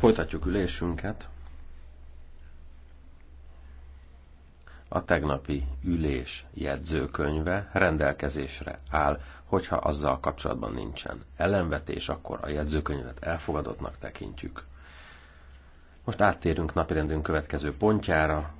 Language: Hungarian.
Folytatjuk ülésünket. A tegnapi ülés jegyzőkönyve rendelkezésre áll, hogyha azzal kapcsolatban nincsen ellenvetés, akkor a jegyzőkönyvet elfogadottnak tekintjük. Most áttérünk napirendünk következő pontjára,